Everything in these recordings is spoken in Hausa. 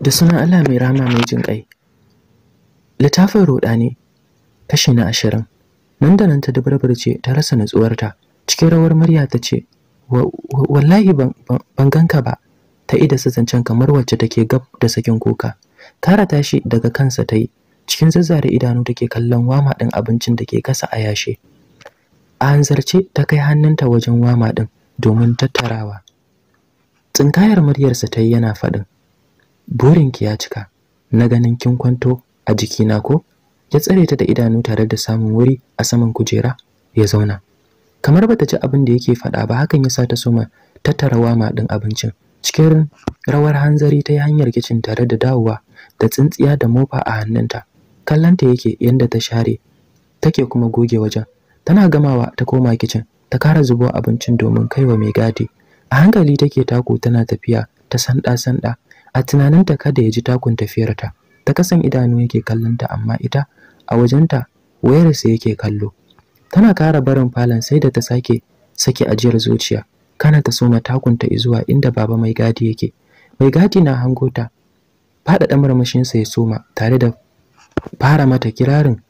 da sunan Allah mai rama mai jin ƙai. Littafin ruɗani kashi na ashirin nan da nan ta ce ta rasa natsuwarta cikin rawar murya ta ce wallahi ban ganka ba ta ida su zancen kamar wacce take gab da sakin kuka kara tashi daga kansa ta yi cikin zazzare idanu take kallon wama ɗin abincin da ke kasa a yashe a hanzarce ta kai hannunta wajen wama ɗin domin tattarawa tsinkayar muryarsa ta yi yana faɗin burinki ya cika na ganin kin kwanto a jikina ko ya tsare ta da idanu tare da samun wuri a saman kujera ya zauna kamar bata ci abin da yake faɗa ba hakan yasa ta soma tattara wama ɗin abincin cikin rawar hanzari ta yi hanyar kicin tare da dawowa da tsintsiya da mofa a hannunta kallanta yake yadda ta share take kuma goge wajen tana gamawa ta koma kicin ta kara zubo abincin domin kaiwa mai gadi a hankali take tako tana tafiya ta sanda sanda a tunaninta kada ya ji takun tafiyarta ta kasan idanu yake kallonta amma ita a wajenta wayarsa yake kallo tana kara barin falon sai da ta sake saki ajiyar zuciya kana ta soma takunta izuwa inda baba mai gadi yake mai gadi na hangota faɗaɗa murmushinsa ya soma tare da fara mata kirarin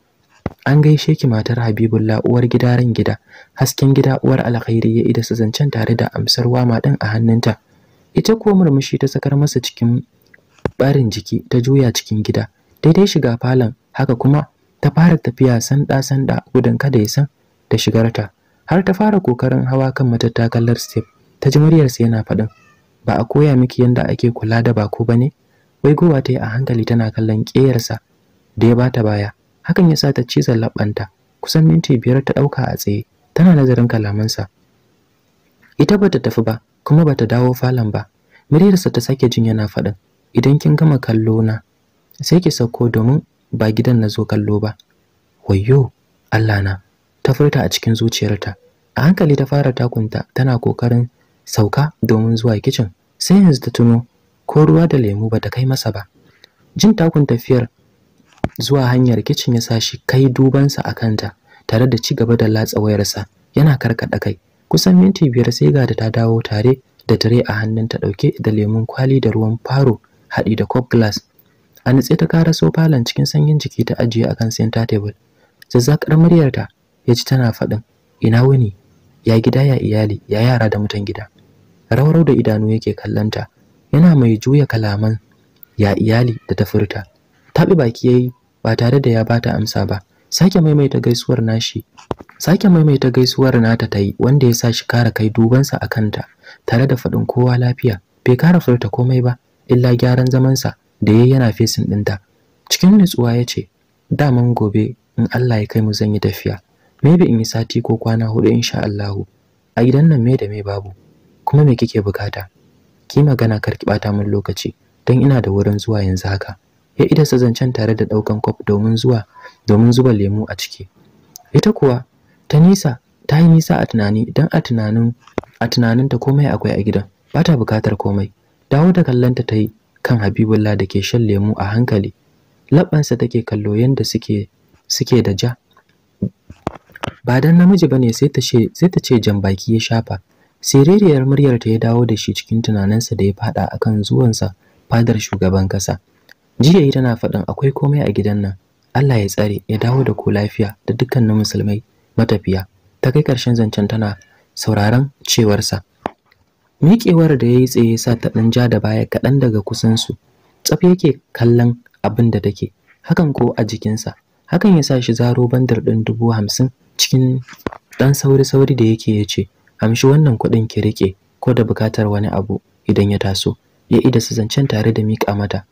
an gaishe ki matar Habibullah uwar gida ran gida hasken gida uwar alkhairi ya ida su zancen tare da amsar wama a hannunta ita ko murmushi ta sakar masa cikin barin jiki ta juya cikin gida daidai shiga falon haka kuma ta fara tafiya sanda sanda gudun kada ya san da shigarta har ta fara kokarin hawa kan matattakalar step ta ji muryarsa yana faɗin ba a koya miki yadda ake kula da bako ba ne wai gowa ta yi a hankali tana kallon ƙeyarsa da ya bata baya hakan ya sa ta cizon laɓanta kusan minti biyar ta ɗauka a tsaye tana nazarin kalamansa ita bata tafi ba kuma bata dawo falon ba muryarsa ta sake jin yana faɗin idan kin gama kallo na sai ki sauko domin ba gidan na zo kallo ba wayyo Allah na ta furta a cikin zuciyarta a hankali ta fara takunta tana kokarin sauka domin zuwa kicin sai yanzu ta tuno ko ruwa da lemu bata kai masa ba jin takun tafiyar zuwa hanyar kicin ya sa shi kai dubansa a kanta tare da ci gaba da latsa wayarsa yana karkaɗa kai kusan minti biyar sai ga da ta dawo tare da tire a hannunta ɗauke da lemun kwali da ruwan faro haɗi da cup glass a nutse ta ƙara falon cikin sanyin jiki ta ajiye akan center table zazzakar muryarta ya ji tana faɗin ina wuni ya gida ya iyali ya yara da mutan gida rawarau da idanu yake kallanta yana mai juya kalaman ya iyali da ta furta taɓi baki yayi ba tare da ya bata amsa ba sake maimaita gaisuwar nashi sake maimaita gaisuwar nata ta yi wanda ya sa shi kara kai dubansa a kanta tare da faɗin kowa lafiya bai kara furta komai ba illa gyaran zamansa da ya yana fesin ɗinta cikin nutsuwa ya ce daman gobe in Allah ya kai mu zan yi tafiya maybe in yi sati ko kwana hudu insha Allahu a gidan nan me da me babu kuma me kike bukata ki magana kar ki bata min lokaci dan ina da wurin zuwa yanzu haka ya idasa zancen tare da daukan kwaf domin zuwa domin zuba lemu a ciki ita kuwa ta nisa ta yi nisa a tunani don a tunanin a tunaninta komai akwai a gidan ba ta bukatar komai dawo da kallonta ta yi kan habibullah da ke shan lemu a hankali labbansa take kallo yadda suke suke da ja ba dan namiji bane sai ta ce sai ta ce jan baki ya shafa siririyar muryar ta ya dawo da shi cikin tunaninsa da ya fada akan zuwansa fadar shugaban kasa jiya yi tana faɗin akwai komai a gidan nan Allah ya tsare ya dawo da ku lafiya da dukkanin musulmai matafiya ta kai ƙarshen zancen tana sauraron cewarsa miƙewar da ya yi tsaye sa ta ɗan ja da baya kaɗan daga kusansu tsaf yake kallon abin da take hakan ko a jikinsa hakan ya sa shi zaro bandar ɗin dubu hamsin cikin ɗan sauri-sauri da yake ya ce amshi wannan kuɗin ki riƙe ko da buƙatar wani abu idan ya taso ya ida zancen tare da miƙa mata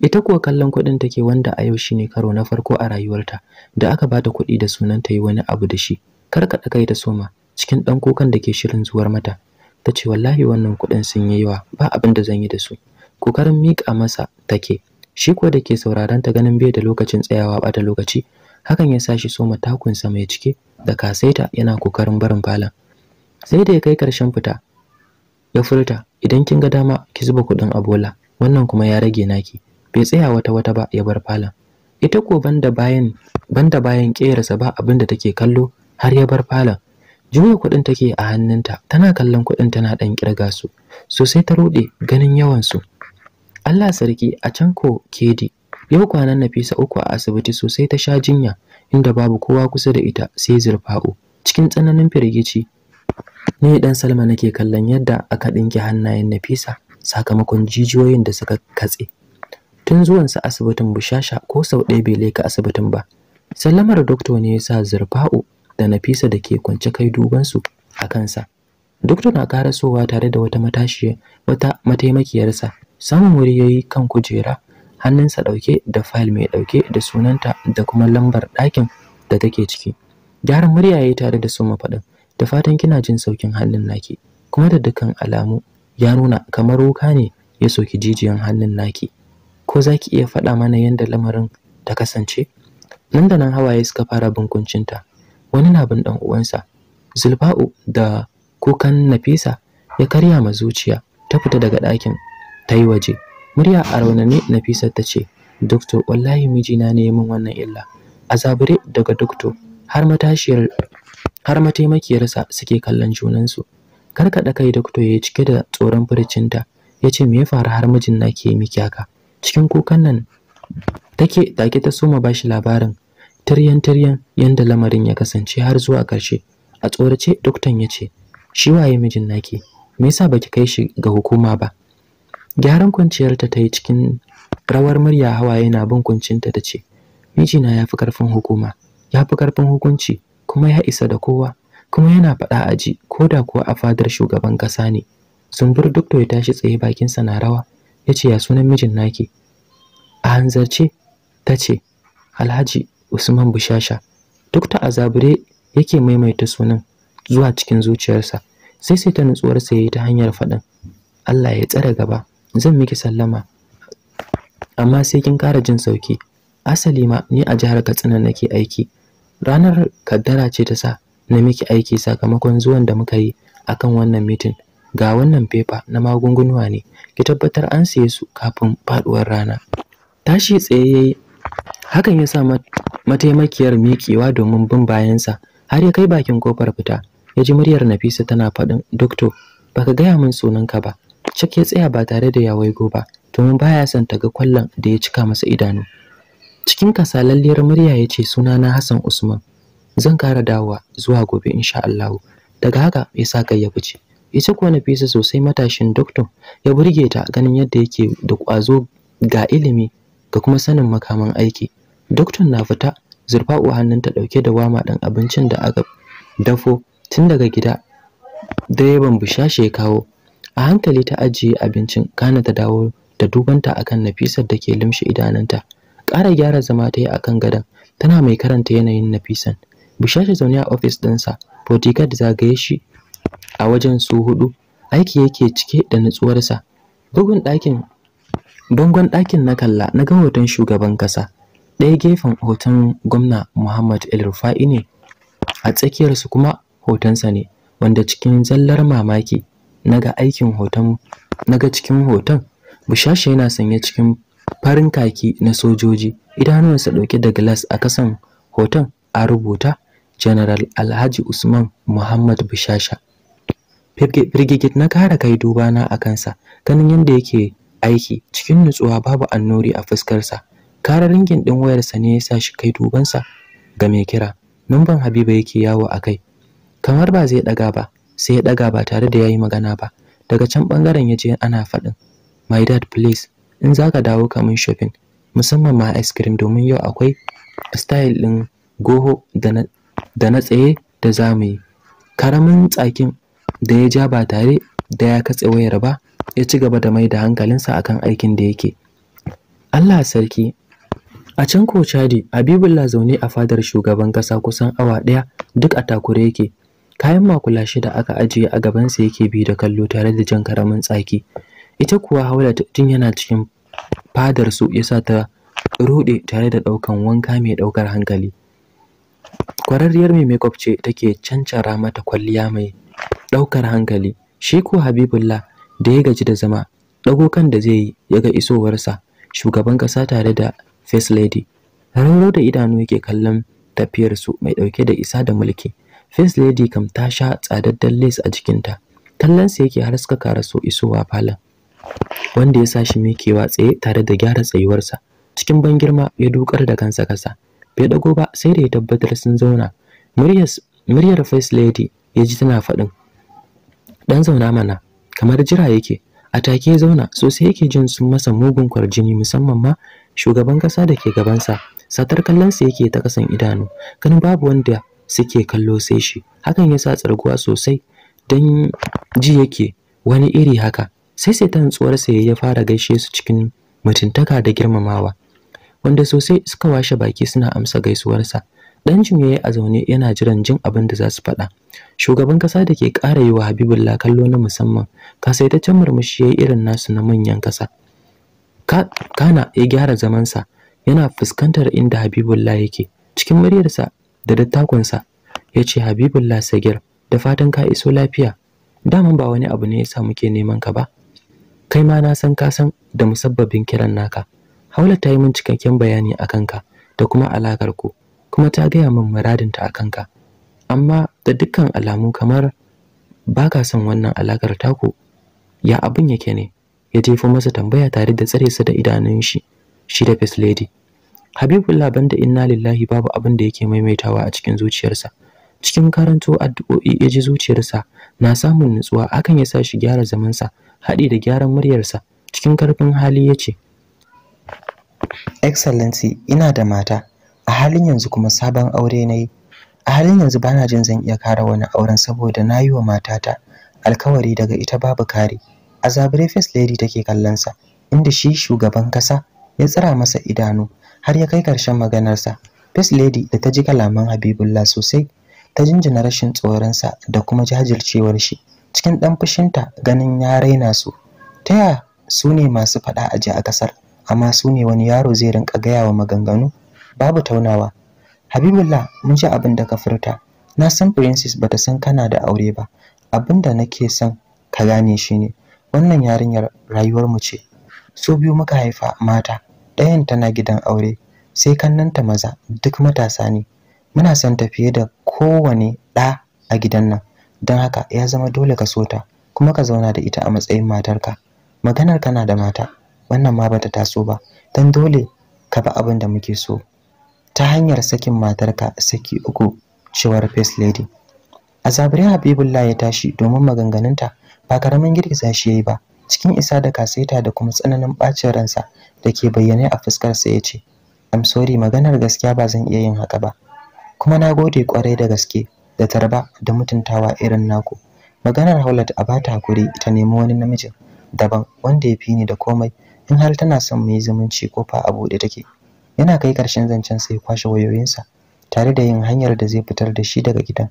Ita kuwa kallon kuɗin take wanda a yau ne karo na farko a rayuwarta da aka bata kuɗi da sunan ta yi wani abu da shi. Kar ka kai da soma cikin ɗan kukan da ke shirin zuwar mata. Ta ce wallahi wannan kuɗin sun yi yawa ba abin da zan yi da su. Kokarin miƙa masa take. Shi ko da ke sauraron ta ganin bai da lokacin tsayawa da lokaci hakan ya sa shi soma takunsa mai cike da kasaita yana kokarin barin falon. Sai da ya kai ƙarshen fita ya furta idan kin ga dama ki zuba kuɗin a wannan kuma ya rage naki. bai tsaya wata wata ba ya bar falon ita ko banda bayan banda bayan ba abin da take kallo har ya bar falon juya kuɗin take a hannunta tana kallon kuɗin tana ɗan kirga su sosai ta ruɗe ganin yawan su Allah sarki a can ko kedi yau kwanan Nafisa uku a asibiti sosai ta sha jinya inda babu kowa kusa da ita sai zurfa'u cikin tsananin firgici ne dan Salma nake kallon yadda aka dinki hannayen Nafisa sakamakon jijiyoyin da suka katse tun sa asibitin bushasha ko sau ɗaya bai leka asibitin ba sallamar doktor ne ya sa zurfa'u da nafisa da ke kwance kai duban su a kansa doktor na karasowa tare da wata matashiya wata mataimakiyarsa samun wuri ya kan kujera hannunsa ɗauke da fayil mai ɗauke da sunanta da kuma lambar ɗakin da take ciki gyaran murya ya tare da su mafaɗin da fatan kina jin saukin hannun naki kuma da dukkan alamu ya nuna kamar wuka ne ya soki jijiyan hannun naki ko za ki iya faɗa mana yadda lamarin ta kasance nan da nan hawaye suka fara bunkuncinta wani na bin ɗan uwansa zulfa'u da kukan nafisa ya karya ma zuciya ta fita daga ɗakin ta yi waje murya a raunane nafisa ta ce doktor wallahi mijina ne ya min wannan illa a zabure daga doktor har matashiyar har mataimakiyarsa suke kallon junansu karkaɗa kai doktor ya cike da tsoron furicinta ya ce me ya faru har mijin na ke miki haka cikin kukan nan take take ta soma bashi labarin tiryan tiryan yanda lamarin ya kasance har zuwa ƙarshe a tsorace doktan ya ce shi waye mijin naki me yasa baki kai shi ga hukuma ba gyaran kwanciyarta ta yi cikin rawar murya hawaye na bin kuncinta ta ce mijina yafi fi karfin hukuma yafi fi karfin hukunci kuma ya isa da kowa kuma yana faɗa a ji ko da kuwa a fadar shugaban ƙasa ne sumbur duk ya tashi tsaye bakinsa na rawa ya ce ya sunan mijin naki a hanzarce ta ce alhaji usman bushasha duk ta azabure yake maimaita sunan zuwa cikin zuciyarsa sai sai ta nutsuwarsa ya yi ta hanyar faɗin allah ya tsare gaba zan miki sallama amma sai kin ƙara jin sauki asali ma ni a jihar katsina nake aiki ranar kaddara ce ta sa na miki aiki sakamakon zuwan da muka yi akan wannan mitin ga wannan fefa na magungunwa ne ki tabbatar an siye su kafin faduwar rana tashi tsaye yayi hakan ya sa mataimakiyar mikewa domin bin bayansa har ya kai bakin kofar fita ya ji muryar Nafisa tana faɗin doctor baka gaya min sunanka ba cik ya tsaya ba tare da ya waigo ba domin baya son ta ga kwallon da ya cika masa idanu cikin kasalalliyar murya ya ce sunana Hassan Usman zan kara dawowa zuwa gobe insha Allah daga haka ya sa kai ya fice ita kuwa Nafisa sosai matashin doktor ya burge ta ganin yadda yake da ƙwazo ga ilimi ga kuma sanin makaman aiki doctor na fita zurfa uwa hannunta ɗauke da wama ɗan abincin da aka dafo tun daga gida direban bushashe ya kawo a hankali ta ajiye abincin kana ta dawo da dubanta akan Nafisar da ke limshe idanunta ƙara gyara zama ta yi akan gadon tana mai karanta yanayin Nafisan bushashe zaune a ofis ɗinsa bodyguard zagaye shi a wajen su hudu aiki yake cike da nutsuwarsa bugun ɗakin bangon ɗakin na kalla na ga hoton shugaban ƙasa ɗaya gefen hoton gwamna muhammad el rufa'i ne a tsakiyarsu kuma hotonsa ne wanda cikin zallar mamaki naga aikin hoton naga cikin hoton bushasha yana sanye cikin farin kaki na sojoji idanuwansa ɗauke da glass a kasan hoton a rubuta general alhaji usman muhammad bushasha firgigit na kara kai duba na a kansa ganin yadda yake aiki cikin nutsuwa babu annori a fuskarsa kara ringin din wayarsa ne ya sa shi kai dubansa ga mai kira numban habiba yake yawo a kai kamar ba zai ɗaga ba sai ya daga ba tare da ya yi magana ba daga can ɓangaren ya je ana faɗin my dad please in za ka dawo kamun shopping musamman ma ice cream domin yau akwai style din goho da na tsaye da za mu yi karamin tsakin da ya ja ba tare da ya katse wayar ba ya ci gaba da mai da hankalinsa akan aikin da yake Allah sarki a can ko Chadi Habibullah zaune a fadar shugaban kasa kusan awa daya duk a takure yake kayan makula shida aka ajiye a gabansa yake bi da kallo tare da jan karamin tsaki ita kuwa haula tun yana cikin fadar su yasa ta rude tare da daukan wanka mai daukar hankali kwararriyar mai makeup ce take cancara mata kwalliya mai ɗaukar hankali shi ko habibullah da ya gaji da zama ɗago kan da zai yi ya ga isowarsa shugaban ƙasa tare da first lady rauro da idanu yake kallon tafiyarsu mai ɗauke da isa da mulki first lady kam ta sha tsadaddan lace a jikinta kallonsa yake har suka kara so isowa falon wanda ya sa shi mikewa tsaye tare da gyara tsayuwarsa cikin ban girma ya dukar da kansa kasa bai dago ba sai da ya tabbatar sun zauna muryar muryar first lady ya ji tana faɗin dan zauna mana kamar jira yake a take zauna sosai yake jin sun masa mugun kwarjini musamman ma shugaban kasa da ke gabansa satar kallon sa yake ta kasan idanu kan babu wanda suke kallo sai shi hakan ya sa tsarguwa sosai dan ji yake wani iri haka sai sai tsuwar sa ya fara gaishe su cikin mutuntaka da girmamawa wanda sosai suka washe baki suna amsa gaisuwarsa dan jin yayi a zaune yana jiran jin abin da za su faɗa shugaban kasa da ke ƙara yi wa habibullah kallo na musamman kasaitaccen murmushi yayi irin nasu na manyan kasa kana ya gyara zamansa yana fuskantar inda habibullah yake cikin muryarsa da dattakonsa ya ce habibullah sagir da fatan ka iso lafiya Dama ba wani abu ne yasa muke neman ka ba kai ma na san ka san da musabbabin kiran naka haula ta yi min cikakken bayani akan ka da kuma alakar ku kuma ta gaya min muradinta a kanka amma da dukkan alamu kamar ba ka son wannan alakar taku ya abin yake ne ya jefo masa tambaya tare da tsare su da idanun shi shi da face lady habibullah banda inna lillahi babu abin da yake maimaitawa a cikin zuciyarsa cikin karanto addu'o'i ya ji zuciyarsa na samun nutsuwa akan ya sa shi gyara zamansa haɗi da gyaran muryarsa cikin karfin hali ya ce excellency ina da mata a halin yanzu kuma sabon aure na yi a halin yanzu bana jin zan iya kara wani auren saboda na yi wa matata alkawari daga ita babu kare a zabire first lady take kallonsa inda shi shugaban kasa ya tsira masa idanu har ya kai karshen maganarsa first lady da ta ji kalaman habibullah sosai ta jinjina rashin tsoronsa da kuma jajircewar shi cikin ɗan fushinta ganin ya raina su Taya ya su ne masu faɗa a ji a ƙasar amma su ne wani yaro zai rinka gaya wa maganganu babu taunawa habibullah mun ji abin da ka furta na san princess bata san kana da aure ba abin da nake son ka gane shi ne. wannan yarinyar rayuwar mu ce so biyu muka haifa mata ɗayan tana gidan aure sai kannanta maza duk matasa ne muna son ta fiye da kowane ɗa a gidan nan don haka ya zama dole ka so ta kuma ka zauna da ita a matsayin matarka maganar kana da mata wannan ma bata taso ba don dole ka bi abin da muke so ta hanyar sakin matarka saki uku cewar first lady a zaburi habibullah ya tashi domin maganganunta ba karamin girgiza shi yayi ba cikin isa da kasaita da kuma tsananin bacin ransa da ke bayyane a fuskarsa ya ce i'm sorry maganar gaskiya ba zan iya yin haka ba kuma na gode kwarai da gaske da tarba da mutuntawa irin naku maganar haulat a bata hakuri ta nemi wani namiji. daban wanda ya fi ni da komai in har tana son mu yi zumunci kofa a buɗe take yana kai ƙarshen zancen sai kwashe wayoyinsa tare da yin hanyar da zai fitar da shi daga gidan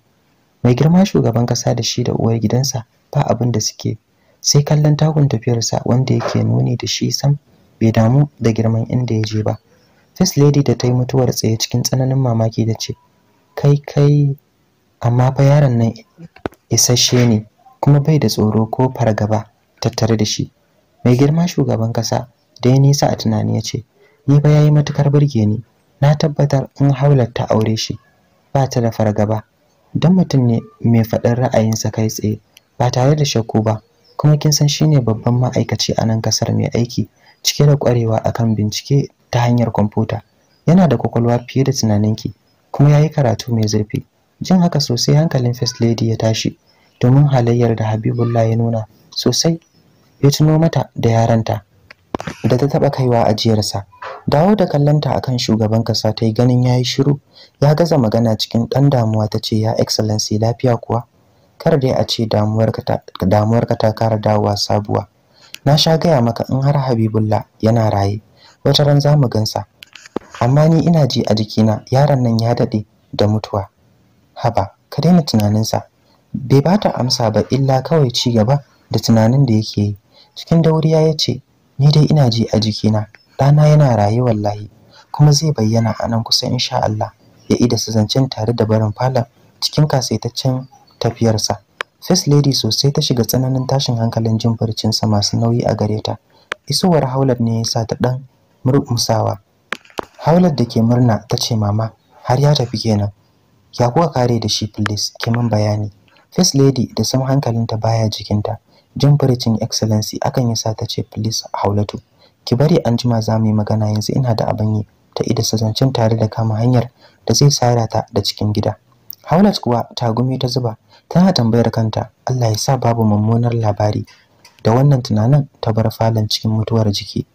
mai girma shugaban kasa da shi da uwar gidansa ba abin da suke sai kallon takun tafiyarsa wanda yake nuni da shi sam bai damu da girman inda ya je ba first lady da ta yi mutuwar tsaye cikin tsananin mamaki da ce kai kai amma fa yaron nan isasshe ne kuma bai da tsoro ko fargaba tattare da shi mai girma shugaban kasa da ya nisa a tunani ya ce ni ba yayi matukar burge ni na tabbatar in haular ta aure shi ba ta da fargaba don mutum ne mai faɗin ra'ayinsa kai tsaye ba tare da shakku ba kuma kin san shine babban ma'aikaci a nan kasar mai aiki cike da ƙwarewa akan bincike ta hanyar kwamfuta yana da kwakwalwa fiye da tunaninki kuma yayi karatu mai zurfi jin haka sosai hankalin first lady ya tashi domin halayyar da habibullah ya nuna sosai ya tuno mata da yaranta da ta taɓa kaiwa ajiyarsa dawo da kallonta akan shugaban kasa ta yi ganin yayi shiru ya gaza magana cikin ɗan damuwa ta ce ya excellency lafiya kuwa kar dai a ce damuwarka ta kara dawowa sabuwa na sha gaya maka in har habibullah yana raye wata ran za mu gansa amma ni ina ji a jikina yaron nan ya dade da mutuwa haba ka daina tunaninsa bai bata amsa ba illa kawai ci gaba da tunanin da yake yi cikin dauriya ya ce ni dai ina ji a jikina ɗana yana raye wallahi kuma zai bayyana a nan kusa insha Allah ya ida su zancen tare da barin falon cikin kasaitaccen tafiyarsa first lady sosai ta shiga tsananin tashin hankalin jin furcinsa masu nauyi a gare ta isowar haular ne ya sa ta ɗan murmusawa Haular da ke murna ta ce mama har ya tafi kenan ya kuwa kare da shi please kiman bayani first lady da sam hankalinta baya jikinta jin excellency akan yi ta ce please haulatu ki bari an jima za mu yi magana yanzu ina da abin yi ta ida sazancen tare da kama hanyar da zai sara ta da cikin gida haulat kuwa ta gumi ta zuba tana tambayar kanta Allah ya sa babu mummunar labari da wannan tunanin ta bar falon cikin mutuwar jiki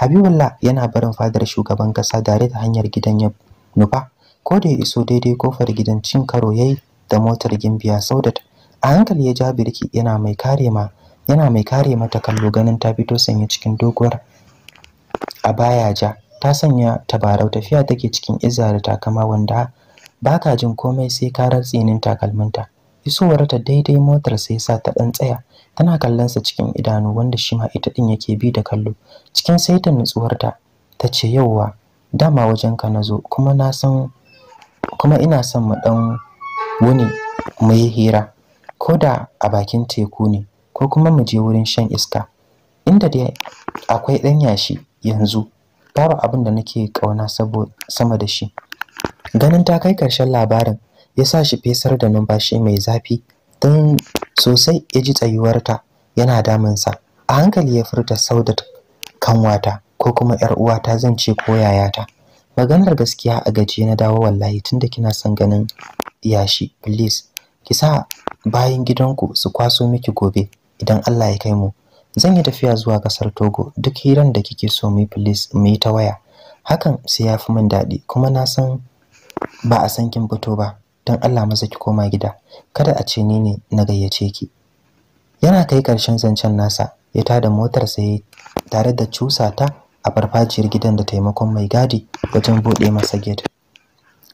Habibullah yana barin fadar shugaban kasa dare da hanyar gidan ya nufa ko da ya iso daidai kofar gidan cin karo yayi da motar gimbiya Saudat a hankali ya ja birki yana mai kare ma yana mai kare mata kallo ganin ta fito sanye cikin doguwar a baya ja ta sanya tabarau tafiya take cikin iza da takama wanda ba ka jin komai sai karar tsinin takalminta isowar ta daidai motar sai sa ta dan tsaya tana kallon sa cikin idanu wanda shi ma ita din yake bi da kallo cikin saitin nutsuwar ta tace yauwa dama wajen ka nazo kuma na san kuma ina son mu dan wuni mu hira koda a bakin teku ne ko kuma mu je wurin shan iska inda dai akwai ɗan yashi yanzu babu abin da nake ƙauna saboda sama da shi ganin ta kai karshen labarin ya sa shi fesar da numfashi mai zafi don sosai ya ji tsayuwarta yana damunsa a hankali ya furta saudat kanwata ko kuma yar uwata zan ce ko yayata maganar gaskiya a gaje na dawo wallahi tunda kina son ganin yashi please ki sa bayan gidanku su kwaso miki gobe idan Allah ya kai mu zan yi tafiya zuwa kasar Togo duk hiran da kike so mu please mu yi ta waya hakan sai ya fi min daɗi kuma na san ba a san kin fito ba dan Allah maza ki koma gida kada a ce ni ne na gayyace ki yana kai karshen zancen nasa ya tada motar sai tare da cusa ta a farfajiyar gidan da taimakon mai gadi wajen buɗe masa gate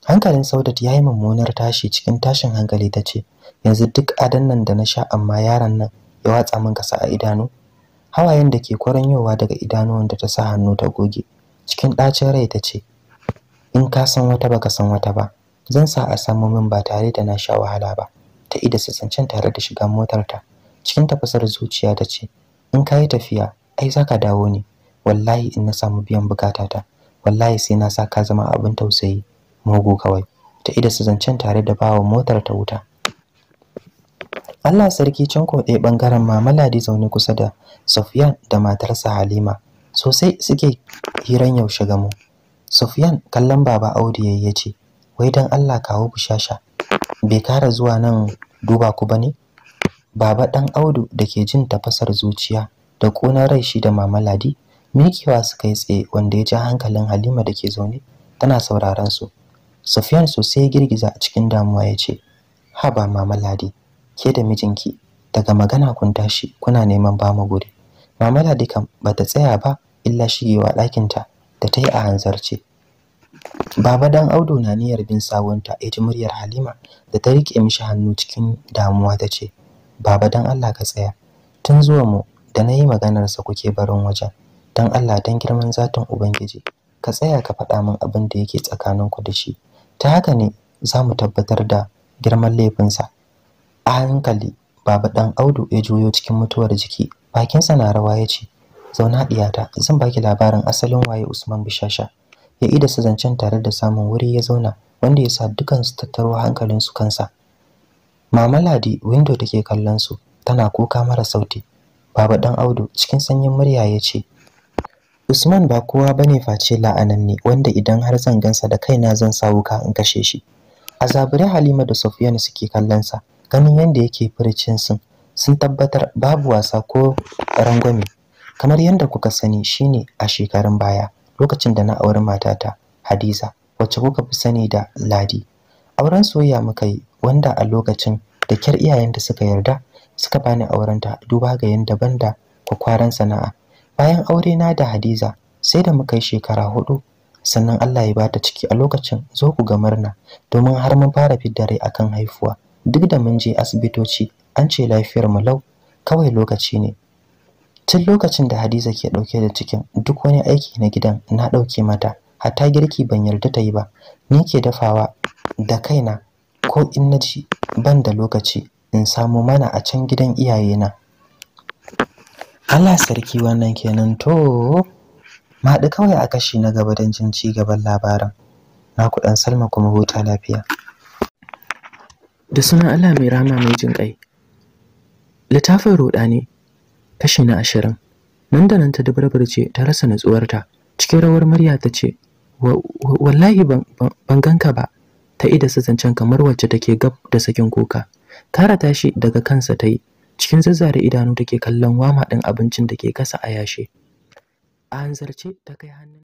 hankalin saudat ya yi mummunar tashi cikin tashin hankali ta ce yanzu duk adan da na sha amma yaron nan ya watsa min kasa a idanu hawayen da ke kwaranyowa daga idanuwan da ta sa hannu ta goge cikin ɗacin rai ta ce in ka san wata baka san wata ba zan sa a samu min ba tare da na sha wahala ba ta ida sassancen tare da shiga motarta cikin tafasar zuciya ta ce in ka yi tafiya ai za ka dawo ne wallahi in na samu biyan bukata ta. wallahi sai na sa ka zama abin tausayi mugu kawai ta ida sassancen tare da bawa motar ta wuta Allah sarki can ko ɗaya ɓangaren mama Ladi zaune kusa da Sufyan da matarsa Halima sosai suke hiran yaushe ga mu. Sufyan kallon baba Audu yayi ya ce wai dan Allah kawo bushasha bai kara zuwa nan duba ku ne? baba ɗan Audu da ke jin tafasar zuciya da kona rai shi da mama Ladi mikewa suka yi tsaye wanda ya ja hankalin Halima da ke zaune tana sauraron su Sufyan sosai girgiza a cikin damuwa ya ce haba mama Ladi ke da mijinki daga magana kun tashi kuna neman ba mu guri mama dukan ba ta tsaya ba illa shigewa ɗakinta da ta yi a hanzarce baba dan audu na niyyar bin sawunta ya ji muryar halima da ta riƙe mishi hannu cikin damuwa ta ce baba dan allah ka tsaya tun zuwa mu da na yi maganarsa kuke barin wajen dan allah dan girman zatin ubangiji ka tsaya ka faɗa min abin da yake tsakaninku da shi ta haka ne za mu tabbatar da girman laifinsa a hankali baba dan audu ya juyo cikin mutuwar jiki bakinsa na rawa ya ce zauna diyata zan baki labarin asalin waye usman bishasha ya ida su zancen tare da samun wuri ya zauna wanda ya sa su tattaro su kansa mama ladi window take kallon su tana kuka mara sauti baba dan audu cikin sanyin murya ya ce usman ba kowa bane face la'ananne wanda idan har zan gansa da kaina zan sa wuka in kashe shi a zaburi halima da ne suke kallon sa ganin yadda yake furcin sun sun tabbatar babu wasa ko rangwame kamar yadda kuka sani shine a shekarun baya lokacin da na auri matata Hadiza wacce kuka fi sani da Ladi auren soyayya muka yi wanda a lokacin da kyar da suka yarda suka bani aurenta duba ga daban da kwakwaran sana'a bayan aure na da Hadiza sai da muka yi shekara hudu sannan Allah ya bata ciki a lokacin zo ku ga murna domin har mun fara fidda rai akan haifuwa duk da mun je asibitoci an ce lafiyar mu lau kawai lokaci ne tun lokacin da Hadiza ke dauke da cikin duk wani aiki na gidan na dauke mata hatta girki ban yarda ta yi ba ni ke dafawa da kaina ko in na ji ban da lokaci in samu mana a can gidan iyayena Allah sarki wannan kenan to maɗi kawai a kashi na gaba don jin ci gaban labaran, na kuɗan salma kuma huta lafiya da sunan Allah mai rama mai jin ƙai littafin ne kashi na ashirin nan da nan ta ce ta rasa natsuwarta cikin rawar murya ta ce wallahi ban ganka ba ta ida su zancen kamar wacce take gab da sakin kuka kara tashi daga kansa ta yi cikin zazzare idanu take kallon wama ɗin abincin da ke kasa a yashe a hanzarce ta kai hannun